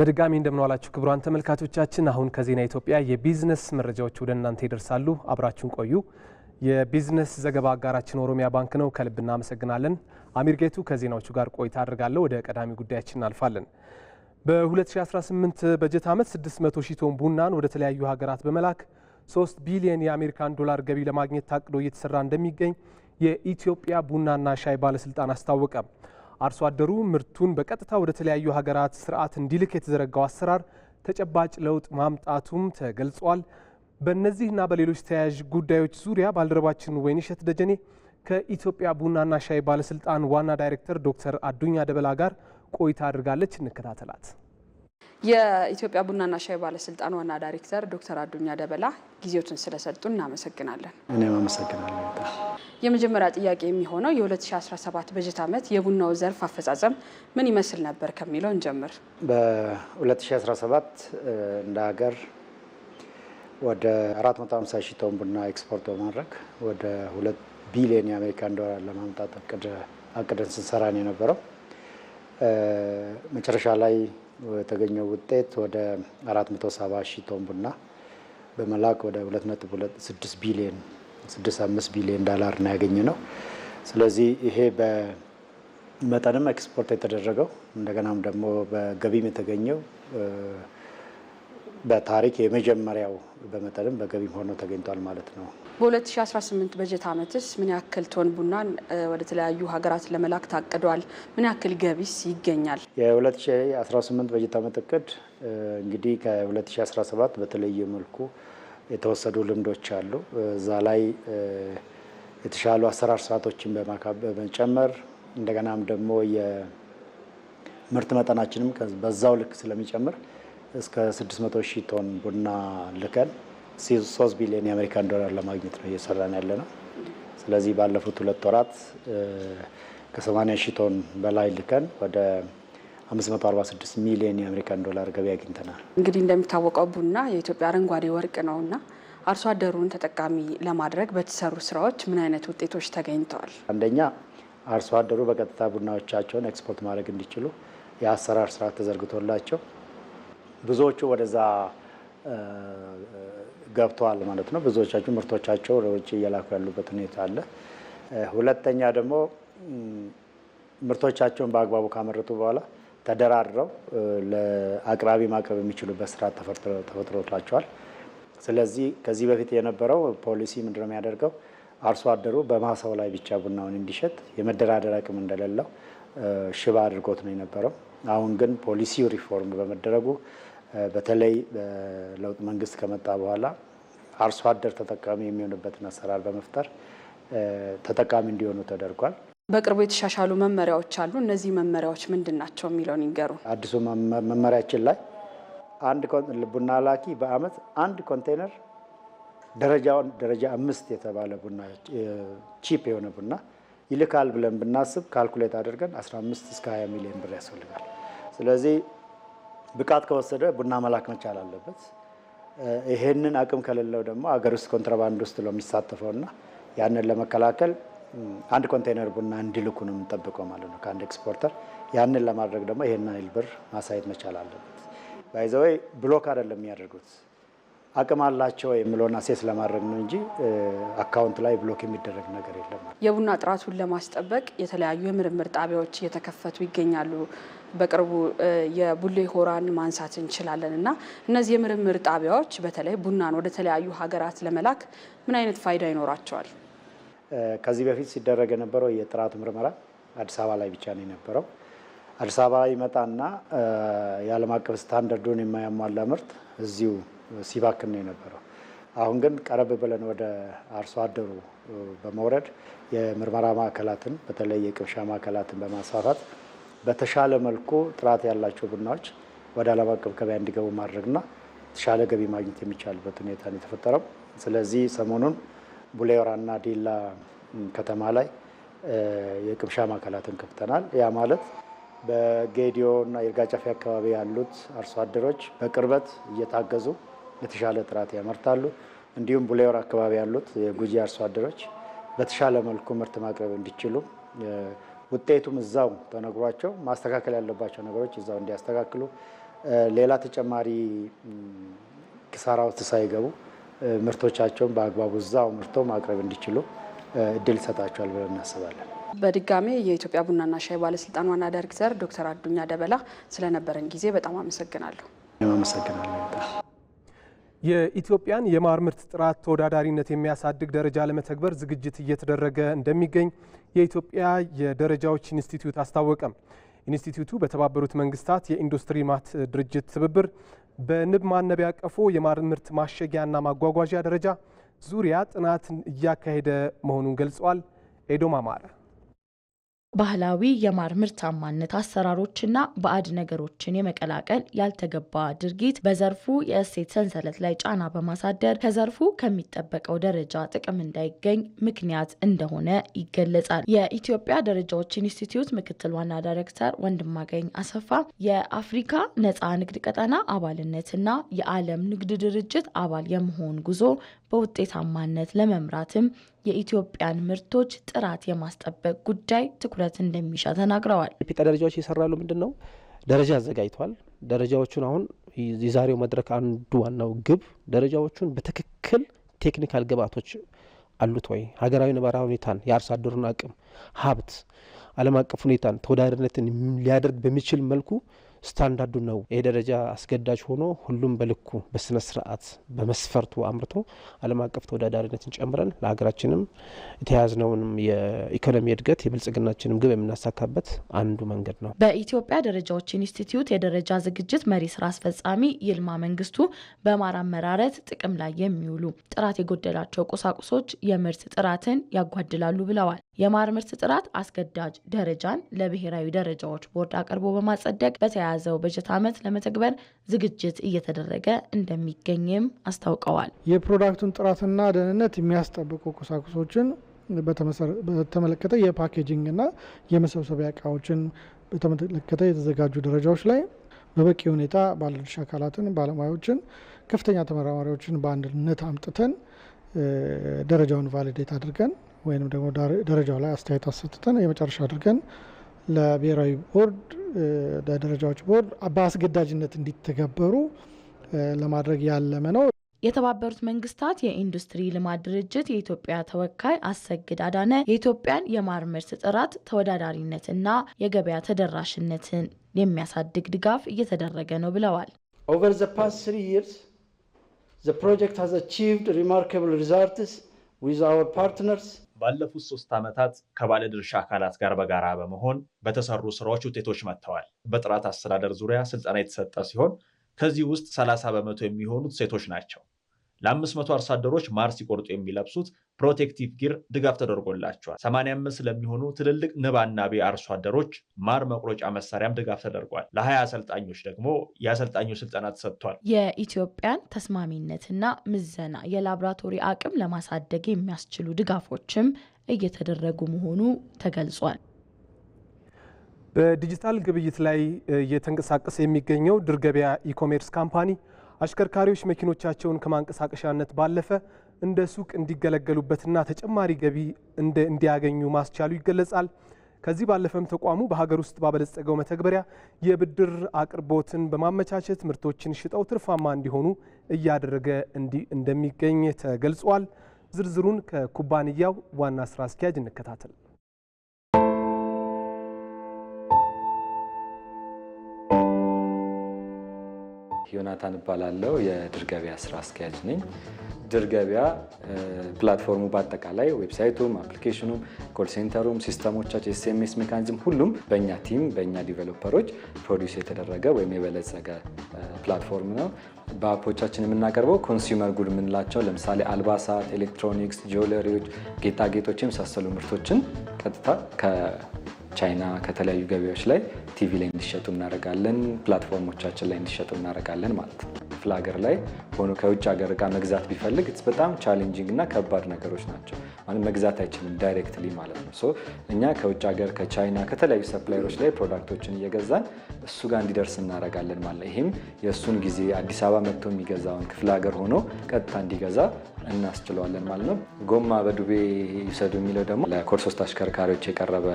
በድጋሚ እንደምንዋላችሁ ክቡራን ተመልካቾቻችን፣ አሁን ከዜና ኢትዮጵያ የቢዝነስ መረጃዎች ወደ እናንተ ይደርሳሉ። አብራችሁን ቆዩ። የቢዝነስ ዘገባ አጋራችን ኦሮሚያ ባንክ ነው። ከልብ እናመሰግናለን። አሚር ጌቱ ከዜናዎቹ ጋር ቆይታ አድርጋለሁ። ወደ ቀዳሚ ጉዳያችን እናልፋለን። በ2018 በጀት ዓመት 600 ሺህ ቶን ቡናን ወደ ተለያዩ ሀገራት በመላክ 3 ቢሊዮን የአሜሪካን ዶላር ገቢ ለማግኘት ታቅዶ እየተሰራ እንደሚገኝ የኢትዮጵያ ቡናና ሻይ ባለስልጣን አስታወቀ። አርሶ አደሩ ምርቱን በቀጥታ ወደ ተለያዩ ሀገራት ስርዓት እንዲልክ የተዘረጋው አሰራር ተጨባጭ ለውጥ ማምጣቱም ተገልጿል። በእነዚህና በሌሎች ተያያዥ ጉዳዮች ዙሪያ ባልደረባችን ወይንሸት ደጀኔ ከኢትዮጵያ ቡናና ሻይ ባለስልጣን ዋና ዳይሬክተር ዶክተር አዱኛ ደበላ ጋር ቆይታ አድርጋለች። እንከታተላት። የኢትዮጵያ ቡናና ሻይ ባለስልጣን ዋና ዳይሬክተር ዶክተር አዱኛ ደበላ ጊዜዎትን ስለሰጡ እናመሰግናለን። እኔም አመሰግናለሁ። የመጀመሪያ ጥያቄ የሚሆነው የ2017 በጀት ዓመት የቡናው ዘርፍ አፈጻጸም ምን ይመስል ነበር ከሚለው እንጀምር። በ2017 እንደ ሀገር ወደ 450 ሺህ ቶን ቡና ኤክስፖርት በማድረግ ወደ 2 ቢሊዮን የአሜሪካን ዶላር ለማምጣት አቅደን ስንሰራን የነበረው መጨረሻ ላይ የተገኘው ውጤት ወደ 470 ሺህ ቶን ቡና በመላክ ወደ 2.6 ቢሊዮን 65 ቢሊዮን ዳላር ነው ያገኘ ነው። ስለዚህ ይሄ በመጠንም ኤክስፖርት የተደረገው እንደገናም ደግሞ በገቢም የተገኘው በታሪክ የመጀመሪያው በመጠንም በገቢም ሆኖ ተገኝቷል ማለት ነው። በ2018 በጀት ዓመትስ ምን ያክል ቶን ቡናን ወደ ተለያዩ ሀገራት ለመላክ ታቅዷል? ምን ያክል ገቢስ ይገኛል? የ2018 በጀት ዓመት እቅድ እንግዲህ ከ2017 በተለየ መልኩ የተወሰዱ ልምዶች አሉ። እዛ ላይ የተሻሉ አሰራር ስርዓቶችን በመጨመር እንደገናም ደግሞ የምርት መጠናችንም በዛው ልክ ስለሚጨምር እስከ 600 ሺህ ቶን ቡና ልከን ሶስት ቢሊዮን የአሜሪካን ዶላር ለማግኘት ነው እየሰራን ያለ ነው። ስለዚህ ባለፉት ሁለት ወራት ከ80 ሺህ ቶን በላይ ልከን ወደ 546 ሚሊዮን የአሜሪካን ዶላር ገቢ አግኝተናል። እንግዲህ እንደሚታወቀው ቡና የኢትዮጵያ አረንጓዴ ወርቅ ነውና አርሶ አደሩን ተጠቃሚ ለማድረግ በተሰሩ ስራዎች ምን አይነት ውጤቶች ተገኝተዋል? አንደኛ አርሶ አደሩ በቀጥታ ቡናዎቻቸውን ኤክስፖርት ማድረግ እንዲችሉ የአሰራር ስርዓት ተዘርግቶላቸው ብዙዎቹ ወደዛ ገብተዋል ማለት ነው። ብዙዎቻቸው ምርቶቻቸው ለውጭ እየላኩ ያሉበት ሁኔታ አለ። ሁለተኛ ደግሞ ምርቶቻቸውን በአግባቡ ካመረቱ በኋላ ተደራድረው ለአቅራቢ ማቅረብ የሚችሉበት ስራ ተፈጥሮላቸዋል። ስለዚህ ከዚህ በፊት የነበረው ፖሊሲ ምንድነው የሚያደርገው? አርሶ አደሩ በማሳው ላይ ብቻ ቡናውን እንዲሸጥ የመደራደር አቅም እንደሌለው ሽባ አድርጎት ነው የነበረው። አሁን ግን ፖሊሲው ሪፎርም በመደረጉ በተለይ ለውጥ መንግስት ከመጣ በኋላ አርሶ አደር ተጠቃሚ የሚሆንበትን አሰራር በመፍጠር ተጠቃሚ እንዲሆኑ ተደርጓል። በቅርቡ የተሻሻሉ መመሪያዎች አሉ። እነዚህ መመሪያዎች ምንድን ናቸው የሚለውን ይንገሩ። አዲሱ መመሪያችን ላይ አንድ ቡና ላኪ በአመት አንድ ኮንቴነር ደረጃውን ደረጃ አምስት የተባለ ቡና ቺፕ የሆነ ቡና ይልካል ብለን ብናስብ ካልኩሌት አድርገን 15 እስከ 20 ሚሊዮን ብር ያስፈልጋል። ስለዚህ ብቃት ከወሰደ ቡና መላክ መቻል አለበት። ይሄንን አቅም ከሌለው ደግሞ አገር ውስጥ ኮንትራባንድ ውስጥ ነው የሚሳተፈው እና ያንን ለመከላከል አንድ ኮንቴነር ቡና እንዲልኩ ነው የምንጠብቀው ማለት ነው ከአንድ ኤክስፖርተር። ያንን ለማድረግ ደግሞ ይሄን ይል ብር ማሳየት መቻል አለበት። ባይዘወይ ብሎክ አይደለም የሚያደርጉት አቅም አላቸው የሚለውን አሴስ ለማድረግ ነው እንጂ አካውንት ላይ ብሎክ የሚደረግ ነገር የለም። የቡና ጥራቱን ለማስጠበቅ የተለያዩ የምርምር ጣቢያዎች እየተከፈቱ ይገኛሉ። በቅርቡ የቡሌ ሆራን ማንሳት እንችላለን እና እነዚህ የምርምር ጣቢያዎች በተለይ ቡናን ወደ ተለያዩ ሀገራት ለመላክ ምን አይነት ፋይዳ ይኖራቸዋል? ከዚህ በፊት ሲደረግ የነበረው የጥራት ምርመራ አዲስ አበባ ላይ ብቻ ነው የነበረው። አዲስ አበባ ላይ ይመጣና የዓለም አቀፍ ስታንዳርዱን የማያሟላ ምርት እዚሁ ሲባክን ነው የነበረው። አሁን ግን ቀረብ ብለን ወደ አርሶ አደሩ በመውረድ የምርመራ ማዕከላትን በተለይ የቅብሻ ማዕከላትን በማስፋፋት በተሻለ መልኩ ጥራት ያላቸው ቡናዎች ወደ ዓለም አቀፍ ገበያ እንዲገቡ ማድረግና የተሻለ ገቢ ማግኘት የሚቻልበት ሁኔታ ነው የተፈጠረው። ስለዚህ ሰሞኑን ቡሌወራና ሆራና ዲላ ከተማ ላይ የቅምሻ ማዕከላትን ከፍተናል። ያ ማለት በጌዲዮ እና የእርጋጫፊ አካባቢ ያሉት አርሶ አደሮች በቅርበት እየታገዙ የተሻለ ጥራት ያመርታሉ። እንዲሁም ቡሌ አካባቢ ያሉት የጉጂ አርሶ አደሮች በተሻለ መልኩ ምርት ማቅረብ እንዲችሉ ውጤቱም እዛው ተነግሯቸው ማስተካከል ያለባቸው ነገሮች እዛው እንዲያስተካክሉ ሌላ ተጨማሪ ኪሳራ ውስጥ ሳይገቡ ምርቶቻቸውን በአግባቡ እዛው ምርቶ ማቅረብ እንዲችሉ እድል ይሰጣቸዋል ብለን እናስባለን። በድጋሚ የኢትዮጵያ ቡናና ሻይ ባለስልጣን ዋና ዳይሬክተር ዶክተር አዱኛ ደበላ ስለነበረን ጊዜ በጣም አመሰግናለሁ። አመሰግናለሁ። የኢትዮጵያን የማር ምርት ጥራት ተወዳዳሪነት የሚያሳድግ ደረጃ ለመተግበር ዝግጅት እየተደረገ እንደሚገኝ የኢትዮጵያ የደረጃዎች ኢንስቲትዩት አስታወቀም። ኢንስቲትዩቱ በተባበሩት መንግስታት የኢንዱስትሪ ማት ድርጅት ትብብር በንብ ማነቢያ ቀፎ የማር ምርት ማሸጊያና ማጓጓዣ ደረጃ ዙሪያ ጥናት እያካሄደ መሆኑን ገልጿል። ኤዶም አማረ ባህላዊ የማር ምርታማነት አሰራሮችና ባዕድ ነገሮችን የመቀላቀል ያልተገባ ድርጊት በዘርፉ የእሴት ሰንሰለት ላይ ጫና በማሳደር ከዘርፉ ከሚጠበቀው ደረጃ ጥቅም እንዳይገኝ ምክንያት እንደሆነ ይገለጻል። የኢትዮጵያ ደረጃዎች ኢንስቲትዩት ምክትል ዋና ዳይሬክተር ወንድማገኝ አሰፋ የአፍሪካ ነፃ ንግድ ቀጠና አባልነትና የዓለም ንግድ ድርጅት አባል የመሆን ጉዞ በውጤታማነት ለመምራትም የኢትዮጵያን ምርቶች ጥራት የማስጠበቅ ጉዳይ ትኩረት እንደሚሻ ተናግረዋል። ኢፒቃ ደረጃዎች ይሰራሉ ምንድን ነው ደረጃ አዘጋጅቷል። ደረጃዎቹን አሁን የዛሬው መድረክ አንዱ ዋናው ግብ ደረጃዎቹን በትክክል ቴክኒካል ግብዓቶች አሉት ወይ ሀገራዊ ነባራዊ ሁኔታን የአርሶ አደሩን አቅም ሀብት ዓለም አቀፍ ሁኔታን ተወዳዳሪነትን ሊያደርግ በሚችል መልኩ ስታንዳርዱ ነው። ይሄ ደረጃ አስገዳጅ ሆኖ ሁሉም በልኩ በስነ ስርዓት በመስፈርቱ አምርቶ ዓለም አቀፍ ተወዳዳሪነትን ጨምረን ለሀገራችንም የተያዝነውንም የኢኮኖሚ እድገት የብልጽግናችንም ግብ የምናሳካበት አንዱ መንገድ ነው። በኢትዮጵያ ደረጃዎች ኢንስቲትዩት የደረጃ ዝግጅት መሪ ስራ አስፈጻሚ ይልማ መንግስቱ በማር አመራረት ጥቅም ላይ የሚውሉ ጥራት የጎደላቸው ቁሳቁሶች የምርት ጥራትን ያጓድላሉ ብለዋል። የማር ምርት ጥራት አስገዳጅ ደረጃን ለብሔራዊ ደረጃዎች ቦርድ አቅርቦ በማጸደቅ በተያያዘው በጀት ዓመት ለመተግበር ዝግጅት እየተደረገ እንደሚገኝም አስታውቀዋል። የፕሮዳክቱን ጥራትና ደህንነት የሚያስጠብቁ ቁሳቁሶችን በተመለከተ የፓኬጂንግና የመሰብሰቢያ እቃዎችን በተመለከተ የተዘጋጁ ደረጃዎች ላይ በበቂ ሁኔታ ባለድርሻ አካላትን፣ ባለሙያዎችን፣ ከፍተኛ ተመራማሪዎችን በአንድነት አምጥተን ደረጃውን ቫሊዴት አድርገን ወይም ደግሞ ደረጃው ላይ አስተያየት አሰጥተን የመጨረሻ አድርገን ለብሔራዊ ቦርድ ለደረጃዎች ቦርድ በአስገዳጅነት እንዲተገበሩ ለማድረግ ያለመ ነው። የተባበሩት መንግስታት የኢንዱስትሪ ልማት ድርጅት የኢትዮጵያ ተወካይ አሰግድ አዳነ የኢትዮጵያን የማር ምርት ጥራት ተወዳዳሪነትና የገበያ ተደራሽነትን የሚያሳድግ ድጋፍ እየተደረገ ነው ብለዋል። ኦቨር ዘ ፓስት ይርስ ዘ ፕሮጀክት ሃዝ አቺቭድ ሪማርካብል ሪዛልትስ ዊዝ አወር ፓርትነርስ ባለፉት ሶስት ዓመታት ከባለድርሻ አካላት ጋር በጋራ በመሆን በተሰሩ ስራዎች ውጤቶች መጥተዋል። በጥራት አስተዳደር ዙሪያ ስልጠና የተሰጠ ሲሆን ከዚህ ውስጥ 30 በመቶ የሚሆኑት ሴቶች ናቸው። ለአምስት መቶ አርሶ አደሮች ማር ሲቆርጡ የሚለብሱት ፕሮቴክቲቭ ጊር ድጋፍ ተደርጎላቸዋል። 85 ለሚሆኑ ትልልቅ ንብ አናቢ አርሶ አደሮች ማር መቁረጫ መሳሪያም ድጋፍ ተደርጓል። ለ ለ20 አሰልጣኞች ደግሞ የአሰልጣኞች ስልጠና ተሰጥቷል። የኢትዮጵያን ተስማሚነትና ምዘና የላብራቶሪ አቅም ለማሳደግ የሚያስችሉ ድጋፎችም እየተደረጉ መሆኑ ተገልጿል። በዲጂታል ግብይት ላይ እየተንቀሳቀሰ የሚገኘው ድርገቢያ ኢኮሜርስ ካምፓኒ አሽከርካሪዎች መኪኖቻቸውን ከማንቀሳቀሻነት ባለፈ እንደ ሱቅ እንዲገለገሉበትና ተጨማሪ ገቢ እንዲያገኙ ማስቻሉ ይገለጻል። ከዚህ ባለፈም ተቋሙ በሀገር ውስጥ ባበለጸገው መተግበሪያ የብድር አቅርቦትን በማመቻቸት ምርቶችን ሽጠው ትርፋማ እንዲሆኑ እያደረገ እንደሚገኝ ተገልጿል። ዝርዝሩን ከኩባንያው ዋና ስራ አስኪያጅ እንከታተል። ዮናታን እባላለሁ። የድርገቢያ ስራ አስኪያጅ ነኝ። ድርገቢያ ፕላትፎርሙ በአጠቃላይ ዌብሳይቱም፣ አፕሊኬሽኑም፣ ኮል ሴንተሩም፣ ሲስተሞቻቸው፣ ኤስኤምኤስ ሜካኒዝም ሁሉም በእኛ ቲም በእኛ ዲቨሎፐሮች ፕሮዲስ የተደረገ ወይም የበለጸገ ፕላትፎርም ነው። በአፖቻችን የምናቀርበው ኮንሱመር ጉድ የምንላቸው ለምሳሌ አልባሳት፣ ኤሌክትሮኒክስ፣ ጆለሪዎች፣ ጌጣጌጦች የመሳሰሉ ምርቶችን ቀጥታ ቻይና ከተለያዩ ገበያዎች ላይ ቲቪ ላይ እንዲሸጡ እናደርጋለን፣ ፕላትፎርሞቻችን ላይ እንዲሸጡ እናደርጋለን ማለት ነው። ክፍለ ሀገር ላይ ሆኖ ከውጭ ሀገር እቃ መግዛት ቢፈልግ በጣም ቻሌንጂንግ እና ከባድ ነገሮች ናቸው። ማለት መግዛት አይችልም ዳይሬክትሊ ማለት ነው። ሶ እኛ ከውጭ ሀገር ከቻይና ከተለያዩ ሰፕላየሮች ላይ ፕሮዳክቶችን እየገዛን እሱ ጋር እንዲደርስ እናደርጋለን ማለት ነው። ይህም የእሱን ጊዜ አዲስ አበባ መጥቶ የሚገዛውን ክፍለ ሀገር ሆኖ ቀጥታ እንዲገዛ እናስችለዋለን ማለት ነው። ጎማ በዱቤ ይውሰዱ የሚለው ደግሞ ለኮርሶስ ተሽከርካሪዎች የቀረበ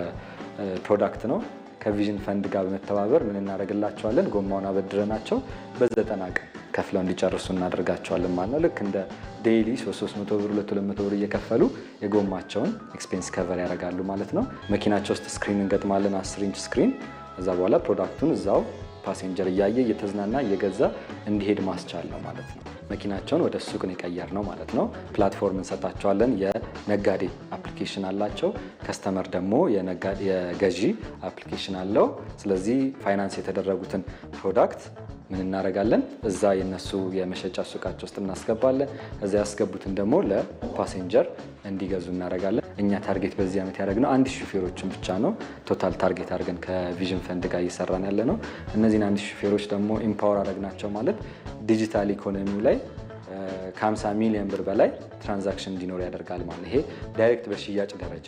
ፕሮዳክት ነው። ከቪዥን ፈንድ ጋር በመተባበር ምን እናደርግላቸዋለን? ጎማውን አበድረናቸው በዘጠና ቀን ከፍለው እንዲጨርሱ እናደርጋቸዋለን ማለት ነው። ልክ እንደ ዴይሊ 300 ብር 200 ብር እየከፈሉ የጎማቸውን ኤክስፔንስ ከቨር ያደርጋሉ ማለት ነው። መኪናቸው ውስጥ ስክሪን እንገጥማለን፣ 10 ኢንች ስክሪን። እዛ በኋላ ፕሮዳክቱን እዛው ፓሴንጀር እያየ እየተዝናና እየገዛ እንዲሄድ ማስቻል ነው ማለት ነው። መኪናቸውን ወደ ሱቅ ነው የቀየር ነው ማለት ነው። ፕላትፎርም እንሰጣቸዋለን። የነጋዴ አፕሊኬሽን አላቸው። ከስተመር ደግሞ የገዢ አፕሊኬሽን አለው። ስለዚህ ፋይናንስ የተደረጉትን ፕሮዳክት ምን እናደርጋለን? እዛ የነሱ የመሸጫ ሱቃቸው ውስጥ እናስገባለን። እዛ ያስገቡትን ደግሞ ለፓሴንጀር እንዲገዙ እናደርጋለን። እኛ ታርጌት በዚህ ዓመት ያደረግነው አንድ ሹፌሮችን ብቻ ነው። ቶታል ታርጌት አድርገን ከቪዥን ፈንድ ጋር እየሰራን ያለ ነው። እነዚህን አንድ ሹፌሮች ደግሞ ኢምፓወር አደረግናቸው ማለት ዲጂታል ኢኮኖሚው ላይ ከ50 ሚሊዮን ብር በላይ ትራንዛክሽን እንዲኖር ያደርጋል ማለት ይሄ ዳይሬክት በሽያጭ ደረጃ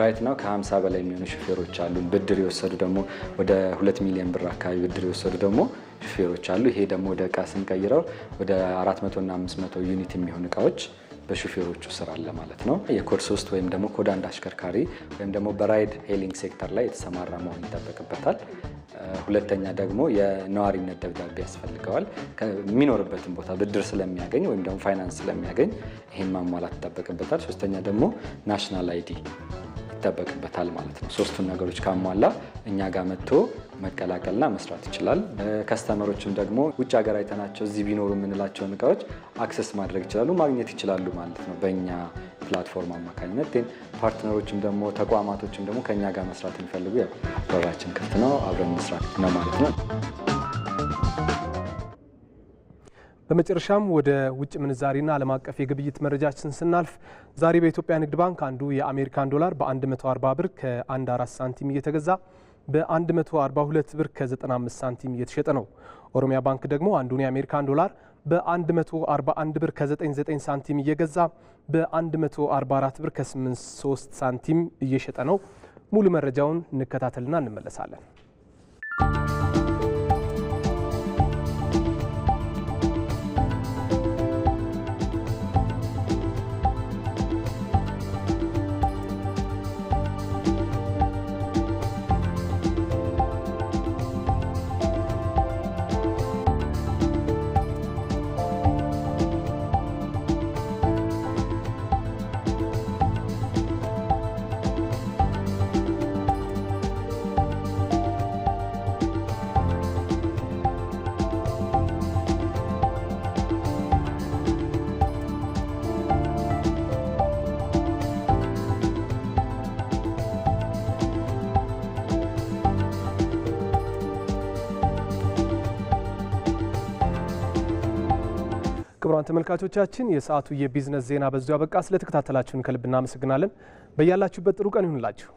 ራይት ነው። ከ50 በላይ የሚሆኑ ሹፌሮች አሉ። ብድር የወሰዱ ደግሞ ወደ 2 ሚሊዮን ብር አካባቢ ብድር የወሰዱ ደግሞ ሹፌሮች አሉ። ይሄ ደግሞ ወደ እቃ ስንቀይረው ወደ 400 እና 500 ዩኒት የሚሆን እቃዎች በሹፌሮቹ ስራ አለ ማለት ነው። የኮድ ሶስት ወይም ደግሞ ኮድ አንድ አሽከርካሪ ወይም ደግሞ በራይድ ሄሊንግ ሴክተር ላይ የተሰማራ መሆን ይጠበቅበታል። ሁለተኛ ደግሞ የነዋሪነት ደብዳቤ ያስፈልገዋል። ከሚኖርበትን ቦታ ብድር ስለሚያገኝ ወይም ደግሞ ፋይናንስ ስለሚያገኝ ይህን ማሟላት ይጠበቅበታል። ሶስተኛ ደግሞ ናሽናል አይዲ ይጠበቅበታል ማለት ነው። ሶስቱን ነገሮች ካሟላ እኛ ጋር መጥቶ መቀላቀልና መስራት ይችላል። ከስተመሮችም ደግሞ ውጭ ሀገር አይተናቸው እዚህ ቢኖሩ የምንላቸውን እቃዎች አክሰስ ማድረግ ይችላሉ፣ ማግኘት ይችላሉ ማለት ነው በእኛ ፕላትፎርም አማካኝነት። ን ፓርትነሮችም ደግሞ ተቋማቶችም ደግሞ ከእኛ ጋር መስራት የሚፈልጉ በራችን ክፍት ነው፣ አብረን መስራት ነው ማለት ነው። በመጨረሻም ወደ ውጭ ምንዛሪና ዓለም አቀፍ የግብይት መረጃችን ስናልፍ ዛሬ በኢትዮጵያ ንግድ ባንክ አንዱ የአሜሪካን ዶላር በ140 ብር ከ14 ሳንቲም እየተገዛ በ142 ብር ከ95 ሳንቲም እየተሸጠ ነው። ኦሮሚያ ባንክ ደግሞ አንዱን የአሜሪካን ዶላር በ141 ብር ከ99 ሳንቲም እየገዛ በ144 ብር ከ83 ሳንቲም እየሸጠ ነው። ሙሉ መረጃውን እንከታተልና እንመለሳለን። ክቡራን ተመልካቾቻችን የሰዓቱ የቢዝነስ ዜና በዚሁ አበቃ። ስለተከታተላችሁን ከልብ እናመሰግናለን። በያላችሁበት ጥሩ ቀን ይሁንላችሁ።